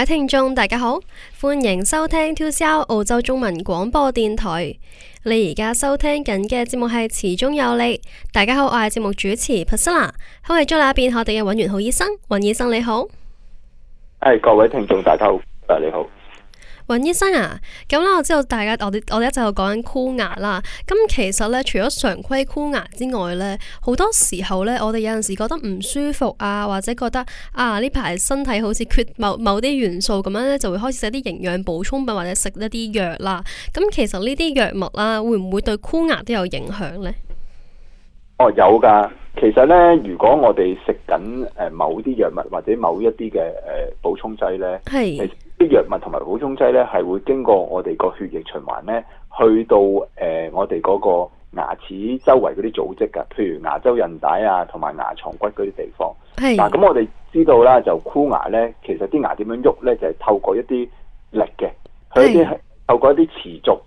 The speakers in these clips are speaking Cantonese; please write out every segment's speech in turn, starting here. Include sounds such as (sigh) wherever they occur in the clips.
各位聽眾，大家好，歡迎收聽 2CR 澳洲中文廣播電台。你而家收聽緊嘅節目係《齒中有理》。大家好，我係節目主持 Priscilla，歡迎 join 另一邊我哋嘅尹元晧醫生，尹醫生你好。係各位聽眾，大家好，你好。尹醫生啊，咁啦，我知道大家，我哋我哋一就又講緊箍牙啦。咁其實咧，除咗常規箍牙之外咧，好多時候咧，我哋有陣時覺得唔舒服啊，或者覺得啊呢排身體好似缺某某啲元素咁樣咧，就會開始食啲營養補充品或者食一啲藥啦。咁其實呢啲藥物啦，會唔會對箍牙都有影響呢？哦，有噶。其實咧，如果我哋食緊誒某啲藥物或者某一啲嘅誒補充劑咧，係的。啲藥物同埋補充劑咧，係會經過我哋個血液循環咧，去到誒、呃、我哋嗰個牙齒周圍嗰啲組織㗎、啊，譬如牙周韌帶啊，同埋牙床骨嗰啲地方。嗱是，咁、啊、我哋知道啦，就箍牙咧，其實啲牙點樣喐咧，就係、是、透過一啲力嘅，係是透過一啲持續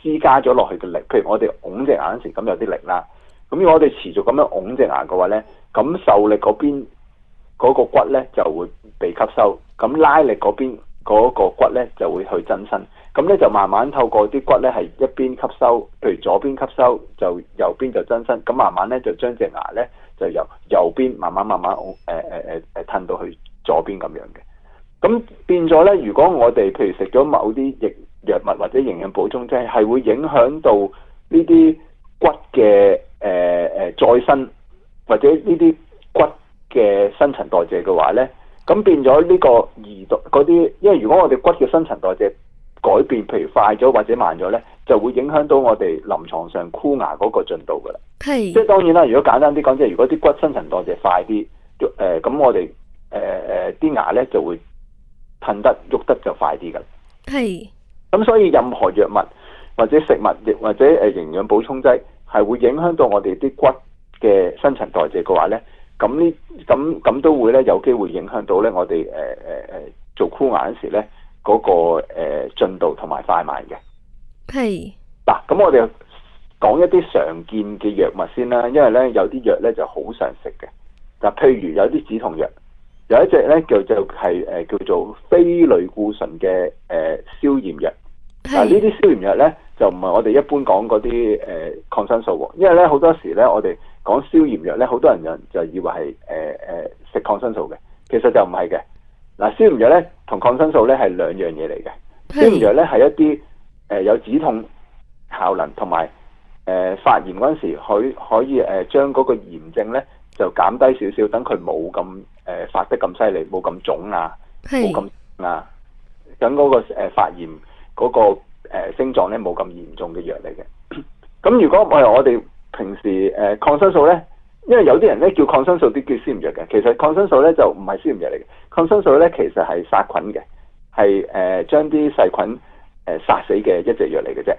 施加咗落去嘅力，譬如我哋拱隻牙嗰時咁有啲力啦。咁如果我哋持續咁樣拱隻牙嘅話咧，咁受力嗰邊嗰個骨咧就會被吸收，咁拉力嗰邊，嗰個骨咧就會去增生，咁咧就慢慢透過啲骨咧係一邊吸收，譬如左邊吸收，就右邊就增生，咁慢慢咧就將隻牙咧就由右邊慢慢慢慢好誒誒誒誒褪到去左邊咁樣嘅。咁變咗咧，如果我哋譬如食咗某啲藥藥物或者營養補充劑，係會影響到呢啲骨嘅誒誒再生或者呢啲骨嘅新陳代謝嘅話咧，咁變咗呢個移動嗰啲，因為如果我哋骨嘅新陳代謝改變，譬如快咗或者慢咗呢，就會影響到我哋臨床上箍牙嗰個進度噶啦。係是。即係當然啦，如果簡單啲講，即係如果啲骨新陳代謝快啲，誒、呃、咁我哋誒誒啲牙呢就會褪得喐得就快啲噶啦。係是。咁所以任何藥物或者食物或者誒營養補充劑係會影響到我哋啲骨嘅新陳代謝嘅話呢。咁呢咁咁都會咧有機會影響到咧我哋誒誒誒做箍牙嗰時咧嗰、那個誒、呃、進度同埋快慢嘅。係是。嗱、啊，咁我哋講一啲常見嘅藥物先啦，因為咧有啲藥咧就好常食嘅。嗱、啊，譬如有啲止痛藥，有一隻咧就就係誒叫做非類固醇嘅誒、呃、消炎藥。係。嗱，呢啲消炎藥咧就唔係我哋一般講嗰啲誒抗生素喎，因為咧好多時咧我哋。講消炎藥咧，好多人就以為係誒誒食抗生素嘅，其實就唔係嘅。嗱，消炎藥咧同抗生素咧係兩樣嘢嚟嘅。消炎藥咧係一啲誒、呃、有止痛效能，同埋誒發炎嗰陣時，佢可以誒將嗰個炎症咧就減低少少，等佢冇咁誒發得咁犀利，冇咁腫啊，冇咁是啊，等嗰、那個誒、呃、發炎嗰、那個誒症狀咧冇咁嚴重嘅藥嚟嘅。咁 (coughs) 如果係我哋。平時誒、呃、抗生素咧，因為有啲人咧叫抗生素啲叫消炎藥嘅，其實抗生素咧就唔係消炎藥嚟嘅。抗生素咧其實係殺菌嘅，係誒將啲細菌誒殺、呃、死嘅一隻藥嚟嘅啫。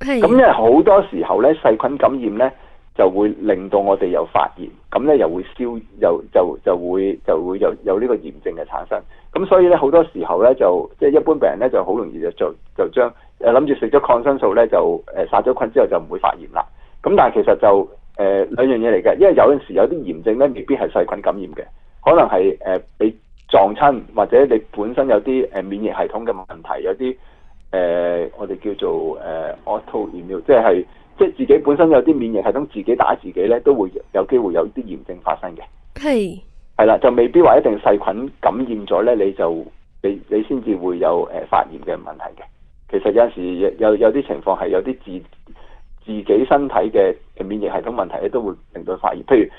咁的因為好多時候咧細菌感染咧就會令到我哋有發炎，咁咧又會消又就就，就會就會有就會有呢個炎症嘅產生。咁所以咧好多時候咧就即係一般病人咧就好容易就就將誒諗住食咗抗生素咧就誒殺咗菌之後就唔會發炎啦。咁但係其實就誒、呃、兩樣嘢嚟嘅，因為有陣時有啲炎症咧，未必係細菌感染嘅，可能係誒俾撞親，或者你本身有啲誒免疫系統嘅問題，有啲誒、呃、我哋叫做誒、呃、autoimmune 即係即係自己本身有啲免疫系統自己打自己咧，都會有機會有啲炎症發生嘅。係係啦，就未必話一定細菌感染咗咧，你就你你先至會有誒發炎嘅問題嘅。其實有陣時有有有啲情況係有啲自自己身體嘅免疫系統問題咧，都會令到發炎。譬如誒、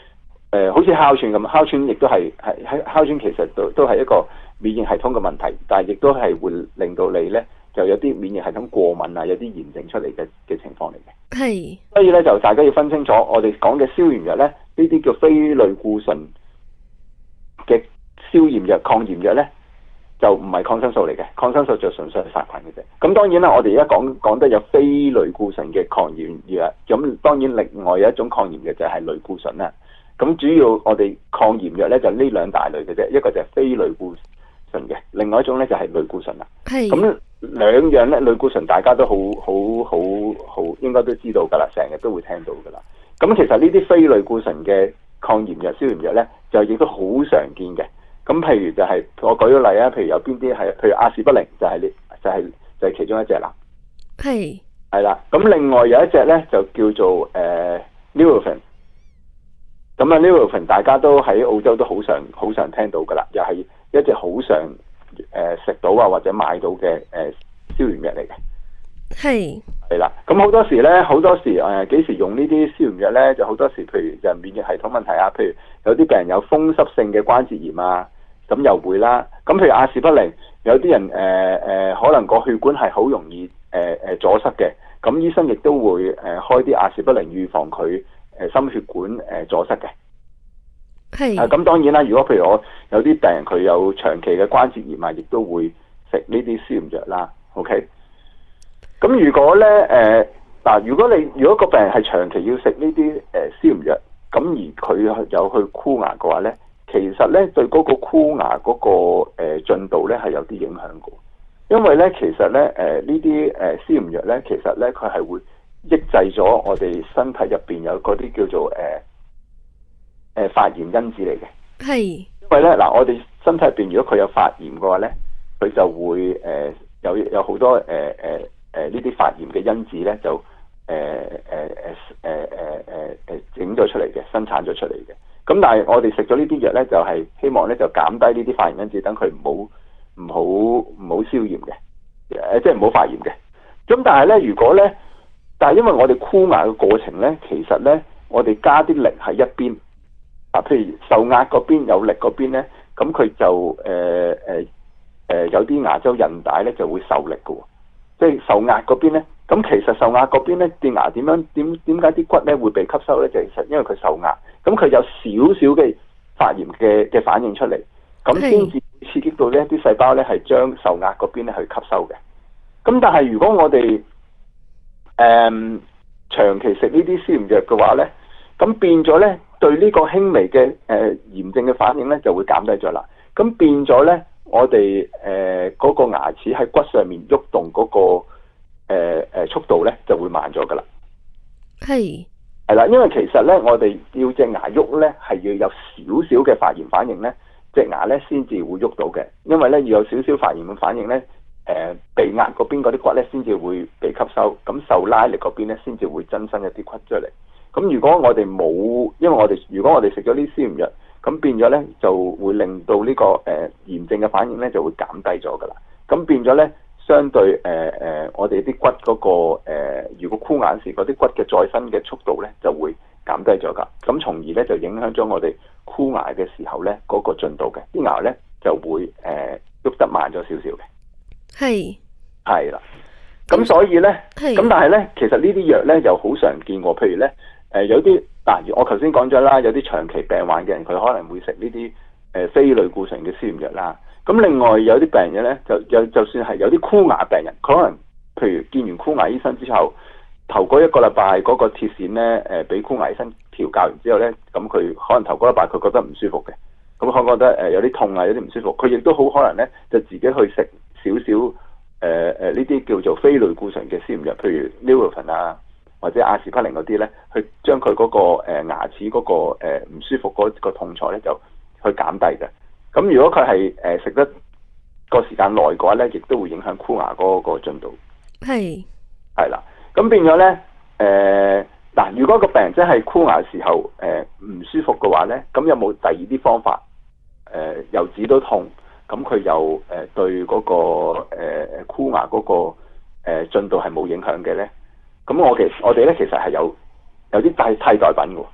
呃，好似哮喘咁，哮喘亦都係係哮喘其實都都係一個免疫系統嘅問題，但係亦都係會令到你呢就有啲免疫系統過敏啊，有啲炎症出嚟嘅嘅情況嚟嘅。係是，所以呢，就大家要分清楚，我哋講嘅消炎藥呢，呢啲叫非類固醇嘅消炎藥、抗炎藥呢。就唔係抗生素嚟嘅，抗生素就純粹係殺菌嘅啫。咁當然啦，我哋而家講講得有非類固醇嘅抗炎藥，咁當然另外有一種抗炎藥就係類固醇啦。咁主要我哋抗炎藥咧就呢兩大類嘅啫，一個就係非類固醇嘅，另外一種咧就係類固醇啦。係。咁兩樣咧類固醇大家都好好好好應該都知道㗎啦，成日都會聽到㗎啦。咁其實呢啲非類固醇嘅抗炎藥消炎藥咧就亦都好常見嘅。咁譬如就係、是、我舉個例啊，譬如有邊啲係，譬如阿士不靈就係呢，就係、是、就係、是就是、其中一隻啦。係係啦，咁另外有一隻咧就叫做誒、呃、Nurofen，咁、嗯、啊 Nurofen 大家都喺澳洲都好常好常聽到噶啦，又係一隻好常誒食到啊或者買到嘅誒消炎藥嚟嘅。係係啦，咁好是多時咧好多時誒幾時用呢啲消炎藥咧就好多時，呃、好多時譬如就免疫系統問題啊，譬如有啲病人有風濕性嘅關節炎啊。咁又會啦，咁譬如阿士匹靈，有啲人誒誒、呃呃，可能個血管係好容易誒誒、呃、阻塞嘅，咁醫生亦都會誒、呃、開啲阿士匹靈預防佢誒、呃、心血管誒、呃、阻塞嘅。係咁是、啊、當然啦，如果譬如我有啲病人佢有長期嘅關節炎啊，亦都會食呢啲消炎藥啦。OK，咁如果咧誒嗱，如果你如果個病人係長期要食呢啲誒消炎藥，咁而佢有去箍牙嘅話咧。其實咧對嗰個箍牙嗰個誒進度咧係有啲影響嘅，因為咧其實咧誒呢啲誒消炎藥咧其實咧佢係會抑制咗我哋身體入邊有嗰啲叫做誒誒發炎因子嚟嘅。係，因為咧嗱，我哋身體入邊如果佢有發炎嘅話咧，佢就會誒有有好多誒誒誒呢啲發炎嘅因子咧就誒誒誒誒誒誒誒整咗出嚟嘅，生產咗出嚟嘅。咁但係我哋食咗呢啲藥呢，就係、是、希望呢，就減低呢啲發炎因子，等佢唔好唔好唔好消炎嘅、呃，即係唔好發炎嘅。咁但係呢，如果呢，但係因為我哋箍牙嘅過程呢，其實呢，我哋加啲力喺一邊，啊，譬如受壓嗰邊有力嗰邊呢，咁佢就誒誒、呃呃、有啲牙周韌帶呢，就會受力㗎喎、哦。即係受壓嗰邊咧，咁其實受壓嗰邊咧，啲牙點樣點點解啲骨咧會被吸收咧？就其實因為佢受壓，咁佢有少少嘅發炎嘅嘅反應出嚟，咁先至刺激到呢啲細胞咧係將受壓嗰邊咧去吸收嘅。咁但係如果我哋誒、呃、長期食呢啲消炎藥嘅話咧，咁變咗咧對呢個輕微嘅誒、呃、炎症嘅反應咧就會減低咗啦。咁變咗咧。我哋誒嗰個牙齒喺骨上面喐動嗰、嗰個誒、呃呃、速度咧就會慢咗噶啦，係係啦，因為其實咧我哋要隻牙喐咧係要有少少嘅發炎反應咧，隻牙咧先至會喐到嘅，因為咧要有少少發炎嘅反應咧，誒被壓嗰邊嗰啲骨咧先至會被吸收，咁受拉力嗰邊咧先至會增生一啲骨出嚟。咁如果我哋冇，因為我哋如果我哋食咗啲消炎藥。咁變咗咧，就會令到呢、這個誒炎症嘅反應咧就會減低咗噶啦。咁變咗咧，相對誒誒、呃呃，我哋啲骨嗰、那個、呃、如果箍牙時嗰啲骨嘅再生嘅速度咧就會減低咗噶。咁從而咧就影響咗我哋箍牙嘅時候咧嗰、那個進度嘅，啲牙咧就會誒喐、呃、得慢咗少少嘅。係係啦。咁所以咧，咁是但係咧，其實呢啲藥咧又好常見喎。譬如咧。誒、呃、有啲，嗱、啊，我頭先講咗啦，有啲長期病患嘅人，佢可能會食呢啲誒非類固醇嘅消炎藥啦。咁、啊、另外有啲病人咧，就有就算係有啲箍牙病人，佢可能譬如見完箍牙醫生之後，頭嗰一個禮拜嗰個鐵線咧，誒俾箍牙醫生調教完之後咧，咁佢可能頭嗰一個禮拜佢覺得唔舒服嘅，咁可能覺得誒、呃、有啲痛啊，有啲唔舒服，佢亦都好可能咧，就自己去食少少誒誒呢啲叫做非類固醇嘅消炎藥，譬如 Nurofen 啊。或者阿士匹靈嗰啲咧，去將佢嗰、嗰個、呃、牙齒嗰、嗰個唔、呃、舒服嗰個痛楚咧，就去減低嘅。咁如果佢係誒食得個時間耐嘅話咧，亦都會影響箍牙嗰個進度。係係啦，咁變咗咧誒嗱，如果個病人真係箍牙時候誒唔、呃、舒服嘅話咧，咁有冇第二啲方法誒又止到痛，咁佢又誒、呃、對嗰、嗰個誒箍、呃、牙嗰、嗰個誒、呃、進度係冇影響嘅咧？咁、嗯、我其實我哋咧其實係有有啲替替代品嘅。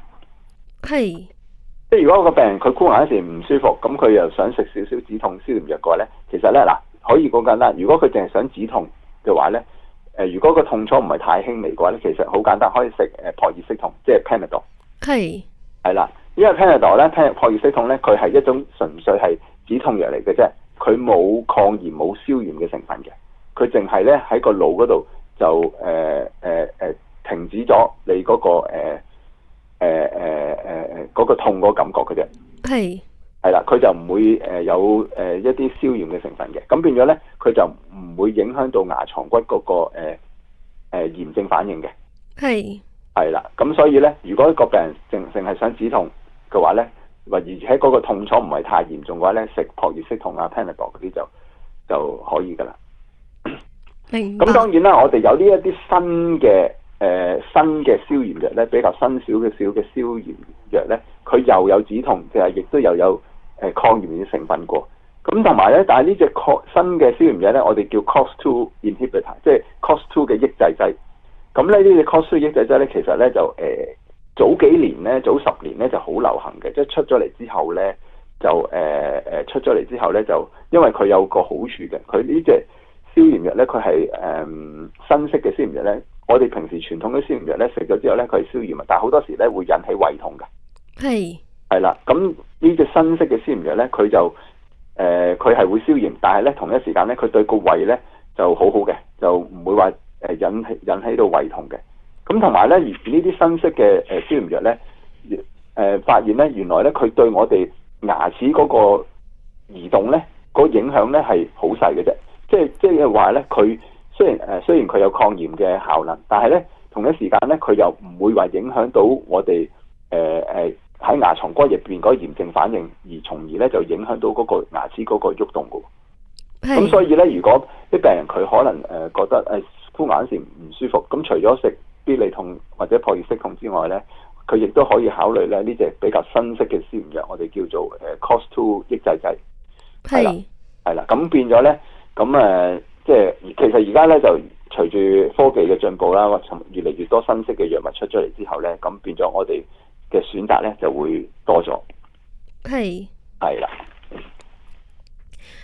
係是即係如果個病人佢箍牙嗰時唔舒服，咁佢又想食少少止痛消炎藥嘅話咧，其實咧嗱可以好簡單。如果佢淨係想止痛嘅話咧，誒、呃、如果個痛楚唔係太輕微嘅話咧，其實好簡單可以食誒撲熱息痛，即係 Panadol。係係啦，因為 Panadol 咧，聽撲熱息痛咧，佢係一種純粹係止痛藥嚟嘅啫。佢冇抗炎冇消炎嘅成分嘅，佢淨係咧喺個腦嗰度，就誒誒誒停止咗你嗰、那個誒誒誒誒誒嗰個痛嗰感覺嘅啫，係係啦，佢就唔會誒有誒一啲消炎嘅成分嘅，咁變咗咧，佢就唔會影響到牙床骨嗰、那個誒誒、呃呃、炎症反應嘅，係係啦，咁、嗯、所以咧，如果一個病人淨淨係想止痛嘅話咧，而且嗰個痛楚唔係太嚴重嘅話咧，食撲熱息痛啊、Panadol 嗰啲就就，就可以噶啦。咁當然啦，我哋有、呃、呢一啲新嘅誒新嘅消炎藥咧，比較新少嘅少嘅消炎藥咧，佢又有止痛，就係亦都又有誒抗炎嘅成分過。咁同埋咧，但係呢隻抗新嘅消炎藥咧，我哋叫 COX two inhibitor，即係 COX two 嘅抑制劑。咁咧呢隻、這個、COX two 抑制劑咧，其實咧就誒、呃、早幾年咧，早十年咧就好流行嘅，即係出咗嚟之後咧就誒誒、呃、出咗嚟之後咧就因為佢有個好處嘅，佢呢隻。消炎藥咧，佢係誒新式嘅消炎藥咧。我哋平時傳統嘅消炎藥咧，食咗之後咧，佢係消炎，但係好多時咧會引起胃痛嘅。係係啦，咁呢隻新式嘅消炎藥咧，佢就誒佢係會消炎，但係咧同一時間咧，佢對個胃咧就好好嘅，就唔會話誒引起引起到胃痛嘅。咁同埋咧，呢啲新式嘅誒消炎藥咧，誒、呃呃、發現咧，原來咧佢對我哋牙齒嗰個移動咧、個影響咧係好細嘅啫。即係即係話咧，佢雖然誒雖然佢有抗炎嘅效能，但係咧同一時間咧，佢又唔會話影響到我哋誒誒喺牙床骨入邊嗰個炎症反應，而從而咧就影響到嗰個牙齒嗰個喐動嘅。咁所以咧，如果啲病人佢可能誒覺得誒箍牙嗰時唔舒服，咁除咗食必理痛或者撲熱息痛之外咧，佢亦都可以考慮咧呢隻比較新式嘅消炎藥，我哋叫做誒 COX-2 抑制劑。係係啦，咁變咗咧。咁誒，即係、嗯、其實而家咧，就隨住科技嘅進步啦，從越嚟越多新式嘅藥物出咗嚟之後咧，咁變咗我哋嘅選擇咧就會多咗。係係啦。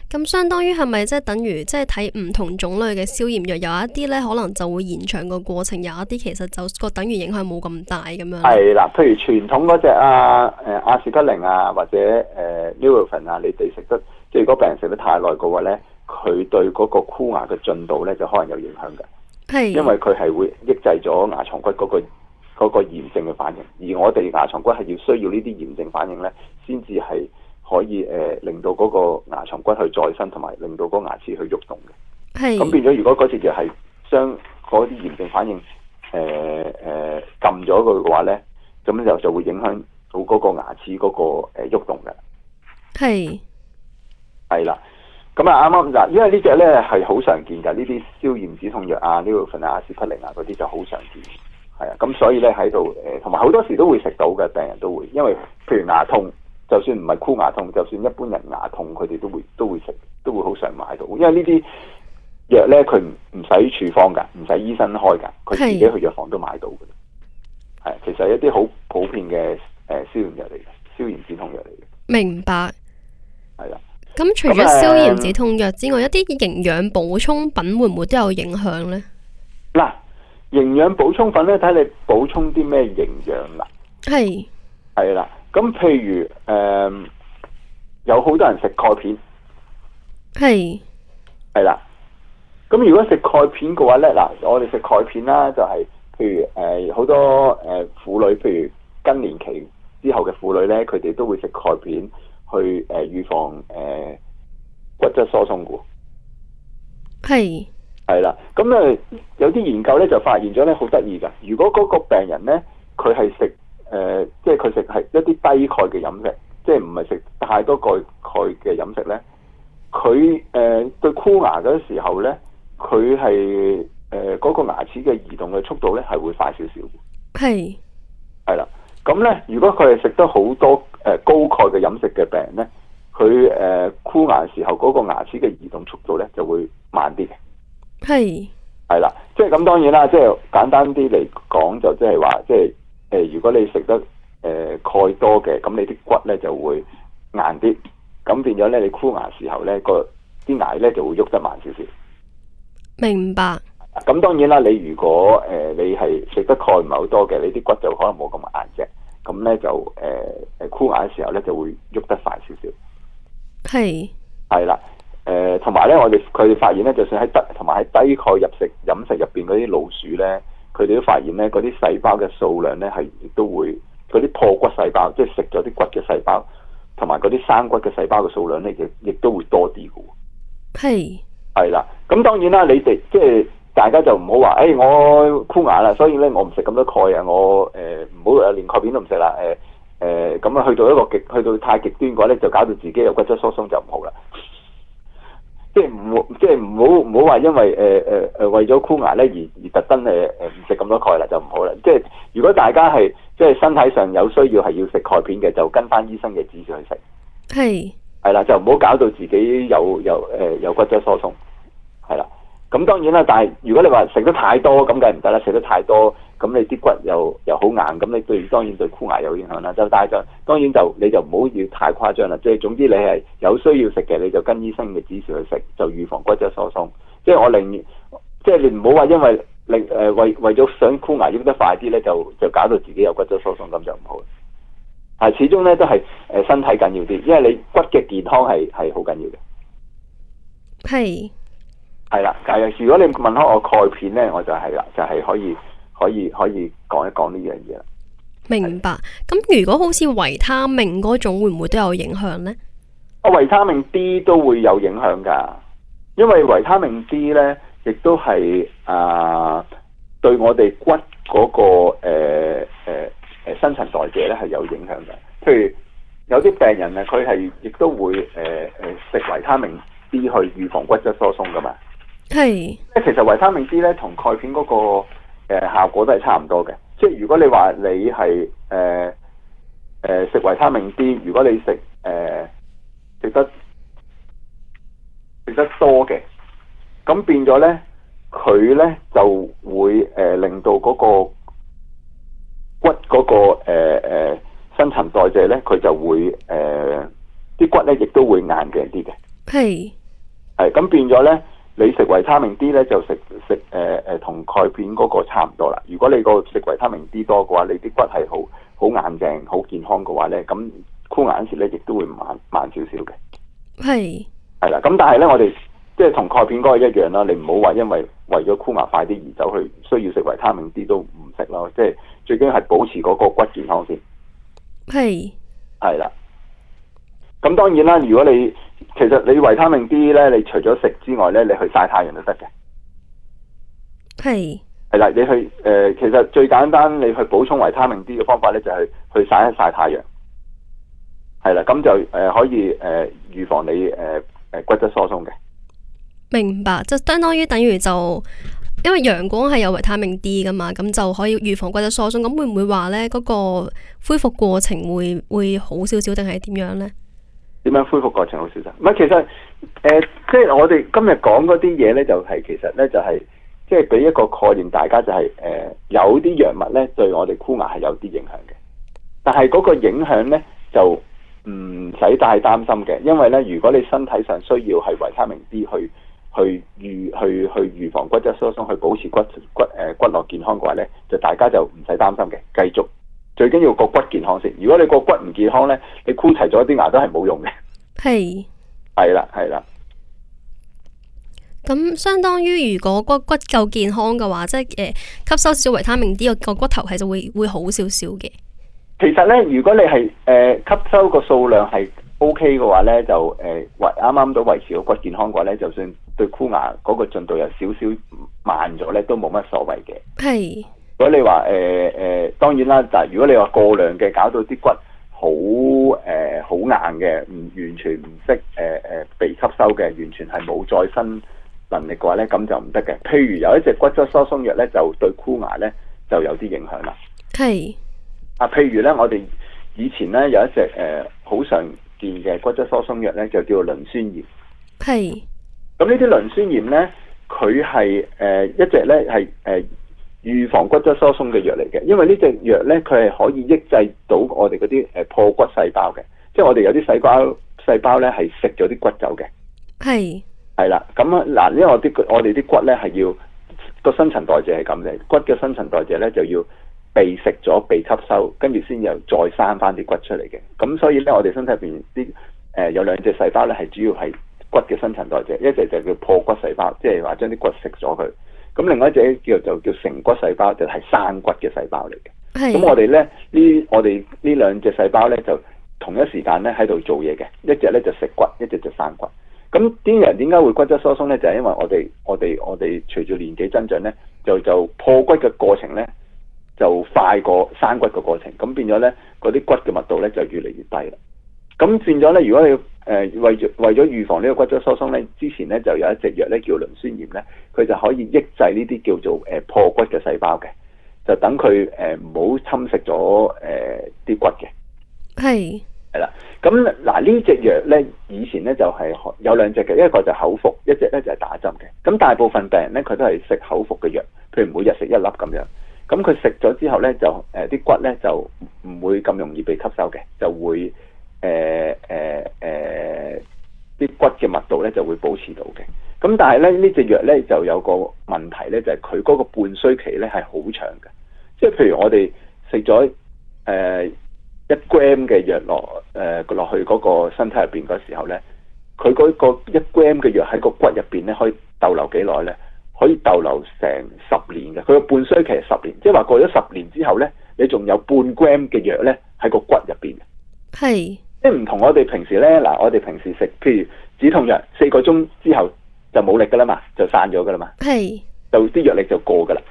咁了相當於係咪即係等於即係睇唔同種類嘅消炎藥，有一啲咧可能就會延長個過程，有一啲其實就個等於影響冇咁大咁樣。係啦，譬如傳統嗰隻啊，誒阿士匹靈啊，或者誒 Nurofen 啊，你哋食得，即係如果病人食得太耐嘅話咧。佢對嗰個箍牙嘅進度呢，就可能有影響嘅，因為佢係會抑制咗牙床骨嗰、嗰個、嗰個炎症嘅反應，而我哋牙床骨係要需要呢啲炎症反應呢，先至係可以誒、呃、令到嗰個牙床骨去再生，同埋令到嗰個牙齒去喐動嘅。咁是變咗，如果嗰次就係將嗰啲炎症反應誒誒撳咗佢嘅話呢，咁就就會影響到嗰個牙齒嗰、嗰個誒喐、呃、動嘅。係係啦。咁啊，啱啱嗱，因為呢隻咧係好常見噶呢啲消炎止痛藥啊，呢個份阿司匹林啊，嗰啲就好常見，係啊。咁所以咧喺度誒，同埋好多時都會食到嘅，病人都會，因為譬如牙痛，就算唔係箍牙痛，就算一般人牙痛，佢哋都會都會食，都會好常買到，因為藥呢啲藥咧，佢唔使處方噶唔使醫生開噶佢自己去藥房都買到嘅。係的，其實係一啲好普遍嘅誒消炎藥嚟嘅，消炎止痛藥嚟嘅。明白。係啦。咁除咗消炎止痛藥之外，一啲營養補充品會唔會都有影響呢？嗱、嗯，營養補充品咧，睇你補充啲咩營養啦。係係啦，咁譬如誒、嗯，有好多人食鈣片。係係啦，咁如果食鈣片嘅話咧，嗱，我哋食鈣片啦、就是，就係譬如誒好、呃、多誒婦、呃、女，譬如更年期之後嘅婦女咧，佢哋都會食鈣片。去誒預、呃、防誒、呃、骨質疏鬆嘅，係係啦，咁啊有啲研究咧就發現咗咧好得意噶，如果嗰個病人咧佢係食誒即係佢食係一啲低鈣嘅飲食，即係唔係食太多鈣鈣嘅飲食咧，佢誒、呃、對箍牙嗰啲時候咧，佢係誒嗰個牙齒嘅移動嘅速度咧係會快少少，係係啦，咁咧如果佢係食得好多，誒、呃，高鈣嘅飲食嘅病人咧，佢誒、呃、箍牙時候嗰、那個牙齒嘅移動速度咧就會慢啲嘅。係係啦，即係咁，當然啦，即係簡單啲嚟講就即係話，即係誒，如果你食得誒鈣、呃、多嘅，咁你啲骨咧就會硬啲，咁變咗咧你箍牙時候咧個啲牙咧就會喐得慢少少。明白。咁當然啦，你如果誒你係食得鈣唔係好多嘅，你啲骨就可能冇咁硬啫。咁咧、嗯、就誒誒箍牙嘅時候咧就會喐得快少少，係係啦，誒同埋咧，我哋佢哋發現咧，就算喺低同埋喺低鈣入食飲食入邊嗰啲老鼠咧，佢哋都發現咧嗰啲細胞嘅數量咧係亦都會，嗰啲破骨細胞即係食咗啲骨嘅細胞，同埋嗰啲生骨嘅細胞嘅數量咧亦亦都會多啲嘅，係係啦，咁、嗯、當然啦，你哋即係。大家就唔好話，誒、欸，我箍牙啦，所以咧，我唔食咁多鈣啊，我誒唔好誒，呃、連鈣片都唔食啦，誒、呃、誒，咁、呃、啊，去到一個極，去到太極端嘅話咧，就搞到自己有骨質疏鬆就唔好啦。即係唔即係唔好唔好話，因為誒誒誒，為咗箍牙咧而而特登誒誒唔食咁多鈣啦，就唔好啦。即係如果大家係即係身體上有需要係要食鈣片嘅，就跟翻醫生嘅指示去食。係係啦，就唔好搞到自己有有誒有骨質疏鬆。係啦。咁當然啦，但係如果你話食得太多咁梗係唔得啦，食得太多咁你啲骨又又好硬，咁你對當然對箍牙有影響啦。就但係就當然就你就唔好要太誇張啦。即係總之你係有需要食嘅，你就跟醫生嘅指示去食，就預防骨質疏鬆。即係我寧，即係你唔好話因為你誒、呃、為為咗想箍牙喐得快啲咧，就就搞到自己有骨質疏鬆咁就唔好。係始終咧都係誒身體緊要啲，因為你骨嘅健康係係好緊要嘅。係。係啦，假如果你問開我鈣片咧，我就係啦，就係、是、可以可以可以講一講呢樣嘢啦。明白。咁的如果好似維他命嗰種，會唔會都有影響咧？啊，維他命 D 都會有影響噶，因為維他命 D 咧，亦都係啊、呃，對我哋骨嗰、那個誒誒誒新陳代謝咧係有影響嘅。譬如有啲病人咧，佢係亦都會誒誒、呃、食維他命 D 去預防骨質疏鬆噶嘛。係，即是其實維他命 D 咧同鈣片嗰、那個誒、呃、效果都係差唔多嘅。即係如果你話你係誒誒食維他命 D，如果你食誒、呃、食得食得多嘅，咁變咗咧，佢咧就會誒、呃、令到嗰個骨嗰、那個誒誒、呃、新陳代謝咧，佢就會誒啲、呃、骨咧亦都會硬淨啲嘅。係係咁變咗咧。你食維他命 D 咧就食食誒誒同鈣片嗰個差唔多啦。如果你個食維他命 D 多嘅話，你啲骨係好好硬淨、好健康嘅話咧，咁箍牙時咧亦都會慢慢少少嘅。係係啦，咁但係咧，我哋即係同鈣片嗰個一樣啦。你唔好話因為為咗箍牙快啲而走去需要食維他命 D 都唔食咯。即係最緊要係保持嗰個骨健康先。係係啦。咁當然啦。如果你其實你維他命 D 咧，你除咗食之外咧，你去曬太陽都得嘅。係係啦，你去誒、呃，其實最簡單，你去補充維他命 D 嘅方法咧，就係去曬一曬太陽。係啦，咁就誒可以誒、呃、預防你誒誒、呃、骨質疏鬆嘅。明白，就相當於等於就因為陽光係有維他命 D 㗎嘛，咁就可以預防骨質疏鬆。咁會唔會話咧嗰個恢復過程會會好少少，定係點樣咧？點樣恢復過程好小心，唔、呃、係、就是、其實誒，即係我哋今日講嗰啲嘢咧，就係其實咧，就係即係俾一個概念，大家就係、是、誒、呃，有啲藥物咧對我哋箍牙係有啲影響嘅，但係嗰個影響咧就唔使太擔心嘅，因為咧如果你身體上需要係維他命 D 去去預去去預防骨質疏鬆，去保持骨骨誒、呃、骨骼健康嘅話咧，就大家就唔使擔心嘅，繼續。最緊要個骨健康先，如果你個骨唔健康呢，你箍齊咗啲牙都係冇用嘅。係係啦，係啦。咁相當於如果骨骨夠健康嘅話，即係、呃、吸收少少維他命 D，個骨頭係就會會好少少嘅。其實呢，如果你係誒、呃、吸收個數量係 OK 嘅話呢，就誒維啱啱都維持到骨健康嘅話呢，就算對箍牙嗰個進度有少少慢咗呢，都冇乜所謂嘅。係。如果你話誒誒，當然啦。但係如果你話過量嘅，搞到啲骨好誒好硬嘅，唔完全唔識誒誒被吸收嘅，完全係冇再生能力嘅話咧，咁就唔得嘅。譬如有一隻骨質疏鬆藥咧，就對箍牙咧就有啲影響啦。係是啊，譬如咧，我哋以前咧有一隻誒好常見嘅骨質疏鬆藥咧，就叫做磷酸鹽。係是。咁、嗯、呢啲磷酸鹽咧，佢係誒一隻咧係誒。呃呃呃呃呃呃呃呃預防骨質疏鬆嘅藥嚟嘅，因為呢隻藥呢，佢係可以抑制到我哋嗰啲誒破骨細胞嘅，即係我哋有啲細胞細胞呢係食咗啲骨走嘅，係係啦，咁嗱，因為我啲我哋啲骨呢，係要個新陳代謝係咁嘅，骨嘅新陳代謝呢，就要被食咗、被吸收，跟住先又再生翻啲骨出嚟嘅，咁所以呢，我哋身體入邊啲誒有兩隻細胞呢，係主要係骨嘅新陳代謝，一隻就叫破骨細胞，即係話將啲骨食咗佢。咁另外一隻叫做叫成骨細胞，就係、是、生骨嘅細胞嚟嘅。咁的我哋咧呢，我哋呢兩隻細胞咧就同一時間咧喺度做嘢嘅，一隻咧就食骨，一隻就生骨。咁啲人點解會骨質疏鬆咧？就係、是、因為我哋我哋我哋隨住年紀增長咧，就就破骨嘅過程咧就快過生骨嘅過程，咁變咗咧嗰啲骨嘅密度咧就越嚟越低啦。咁變咗咧，如果你誒為咗為咗預防呢個骨質疏鬆咧，之前咧就有一隻藥咧叫磷酸鹽咧，佢就可以抑制呢啲叫做誒破骨嘅細胞嘅，就等佢誒唔好侵蝕咗誒啲骨嘅。係係啦，咁嗱呢隻藥咧，以前咧就係有兩隻嘅，一個就口服，一隻咧就係打針嘅。咁大部分病人咧，佢都係食口服嘅藥，譬如每日食一粒咁樣。咁佢食咗之後咧，呃、就誒啲骨咧就唔會咁容易被吸收嘅，就會。誒誒誒誒，啲骨嘅密度咧就會保持到嘅。咁但係咧呢隻藥咧就有個問題咧，就係佢嗰個半衰期咧係好長嘅。即係譬如我哋食咗誒一 gram 嘅藥落誒落去嗰個身體入邊嗰時候咧，佢嗰個一 gram 嘅藥喺個骨入邊咧可以逗留幾耐咧？可以逗留成十年嘅。佢個半衰期係十年，即係話過咗十年之後咧，你仲有半 gram 嘅藥咧喺個骨入邊嘅。係。即係唔同我哋平時咧，嗱、啊、我哋平時食譬如止痛藥，四個鐘之後就冇力噶啦嘛，就散咗噶啦嘛，係是就啲藥力就過噶啦。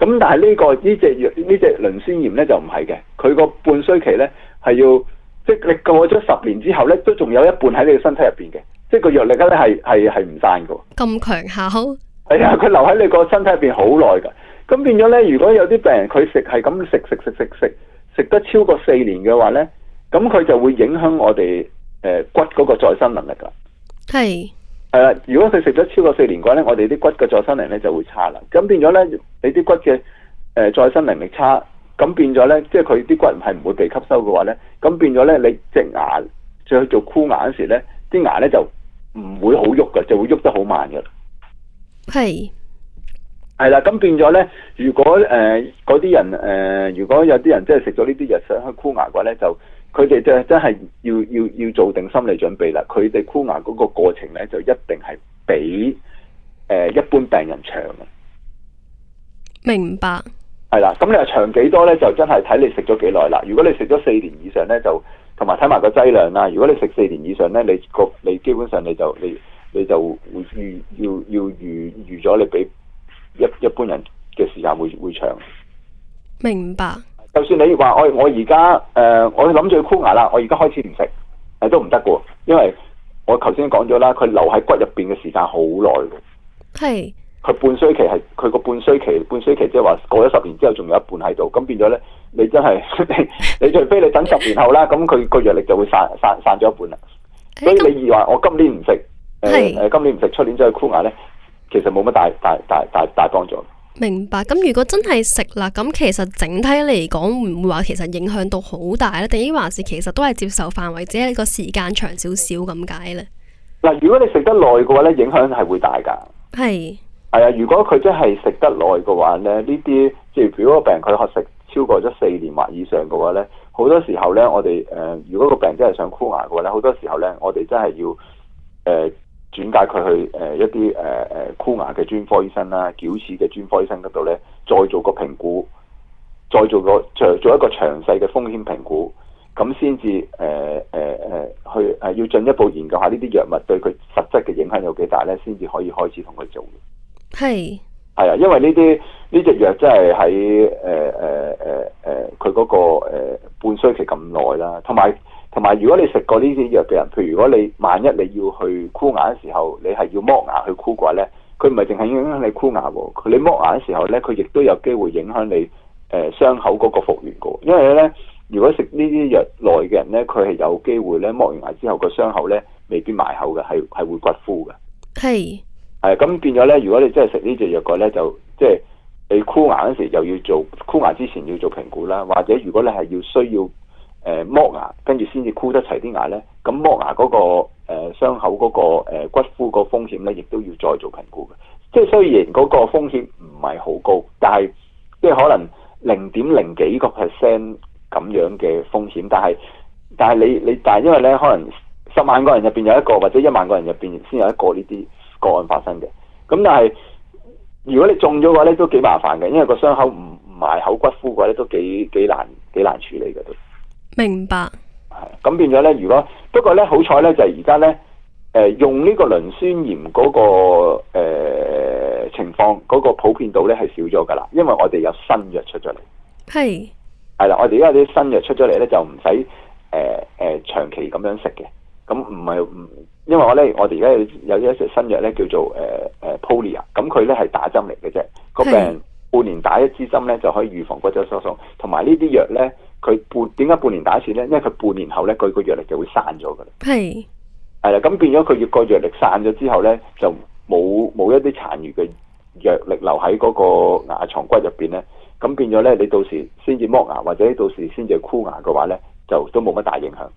咁、嗯、但係、這個這個這個、呢個呢隻藥呢隻磷酸鹽咧就唔係嘅，佢個半衰期咧係要即係你過咗十年之後咧都仲有一半喺你嘅身體入邊嘅，即係個藥力咧係係係唔散噶。咁強效？係啊，佢、哎、留喺你個身體入邊好耐噶。咁變咗咧，如果有啲病人佢食係咁食食食食食食得超過四年嘅話咧。咁佢就會影響我哋誒、呃、骨嗰個再生能力噶係係啦。如果佢食咗超過四年嘅話咧，我哋啲骨嘅再生能力就會差啦。咁變咗咧，你啲骨嘅誒、呃、再生能力差，咁變咗咧，即係佢啲骨係唔會被吸收嘅話咧，咁變咗咧，你隻牙再去做箍牙嗰時咧，啲牙咧就唔會好喐噶，就會喐得好慢噶啦。係係啦，咁變咗咧，如果誒嗰啲人誒、呃，如果有啲人即係食咗呢啲藥，想去箍牙嘅話咧，就。佢哋就真係要要要做定心理準備啦。佢哋箍牙嗰個過程咧，就一定係比誒、呃、一般病人長嘅。明白。係啦，咁你話長幾多咧？就真係睇你食咗幾耐啦。如果你食咗四年以上咧，就同埋睇埋個劑量啦。如果你食四年以上咧，你個你基本上你就你你就會預要要預預咗你比一一般人嘅時間會會長。明白。就算你話我我而家誒，我諗住箍牙啦，我而家開始唔食，誒、呃、都唔得噶因為我頭先講咗啦，佢留喺骨入邊嘅時間好耐嘅。係是。佢半衰期係佢個半衰期，半衰期即係話過咗十年之後，仲有一半喺度，咁變咗咧，你真係你除非你等十年後啦，咁佢個藥力就會散散散咗一半啦。所以你而話我今年唔食，誒、呃、誒，是今年唔食，出年再去箍牙咧，其實冇乜大大大大大幫助。明白，咁如果真係食啦，咁其實整體嚟講，會唔會話其實影響到好大咧？定還是其實都係接受範圍，只係個時間長少少咁解咧。嗱是，如果你食得耐嘅話咧，影響係會大噶。係，係啊，如果佢真係食得耐嘅話咧，呢啲即係如果個病人佢食超過咗四年或以上嘅話咧，好多時候咧，我哋誒，如果個病人真係想箍牙嘅話咧，好多時候咧，我哋真係要誒。帶佢去誒一啲誒誒箍牙嘅專科醫生啦、啊、矯齒嘅專科醫生嗰度咧，再做個評估，再做個長做一個詳細嘅風險評估，咁先至誒誒誒去誒、呃、要進一步研究下呢啲藥物對佢實質嘅影響有幾大咧，先至可以開始同佢做。係係啊，因為呢啲呢隻藥真係喺誒誒誒誒佢嗰個、呃、半衰期咁耐啦，同埋。同埋，如果你食過呢啲藥嘅人，譬如如果你萬一你要去箍牙嘅時候，你係要剝牙去箍嘅話咧，佢唔係淨係影響你箍牙喎，佢你剝牙嘅時候咧，佢亦都有機會影響你誒、呃、傷口嗰個復原嘅。因為咧，如果食呢啲藥耐嘅人咧，佢係有機會咧剝完牙之後個傷口咧未必埋口嘅，係係會骨枯嘅。係係咁變咗咧，如果你真係食呢隻藥嘅咧，就即係、就是、你箍牙嗰時候又要做箍牙之前要做評估啦，或者如果你係要需要。誒、呃、剝牙，跟住先至箍得齊啲牙呢。咁、嗯、剝牙嗰、那個誒、呃、傷口嗰、那個、呃、骨枯個風險呢，亦都要再做評估嘅。即係雖然嗰個風險唔係好高，但係即係可能零點零幾個 percent 咁樣嘅風險。但係但係你你但係因為呢，可能十萬個人入邊有一個，或者一萬個人入邊先有一個呢啲個案發生嘅。咁但係如果你中咗嘅話呢，都幾麻煩嘅，因為個傷口唔唔埋口骨枯嘅話咧，都幾幾難幾難處理嘅都。明白，係咁變咗咧。如果不過咧，好彩咧就係而家咧，誒、呃、用呢個磷酸鹽嗰、那個誒、呃、情況，嗰個普遍度咧係少咗噶啦。因為我哋有新藥出咗嚟，係係啦，我哋而家有啲新藥出咗嚟咧，就唔使誒誒長期咁樣食嘅。咁唔係唔因為我咧，我哋而家有有一隻新藥咧叫做誒誒、呃呃、Prolia，咁佢咧係打針嚟嘅啫。個是病半年打一支針咧就可以預防骨質疏鬆，同埋呢啲藥咧。佢半點解半年打一次咧？因為佢半年後咧，佢個藥力就會散咗噶啦。係係啦，咁變咗佢個藥力散咗之後咧，就冇冇一啲殘餘嘅藥力留喺嗰個牙床骨入邊咧。咁變咗咧，你到時先至剝牙或者到時先至箍牙嘅話咧，就都冇乜大影響。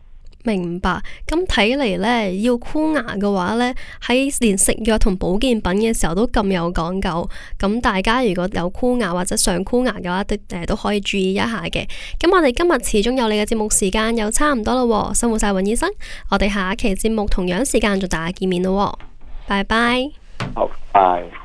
明白，咁睇嚟呢，要箍牙嘅話呢，喺連食藥同保健品嘅時候都咁有講究。咁大家如果有箍牙或者想箍牙嘅話都、呃，都可以注意一下嘅。咁我哋今日始終有你嘅節目時間又差唔多啦，辛苦晒尹醫生。我哋下一期節目同樣時間就大家見面咯，拜拜。好，拜。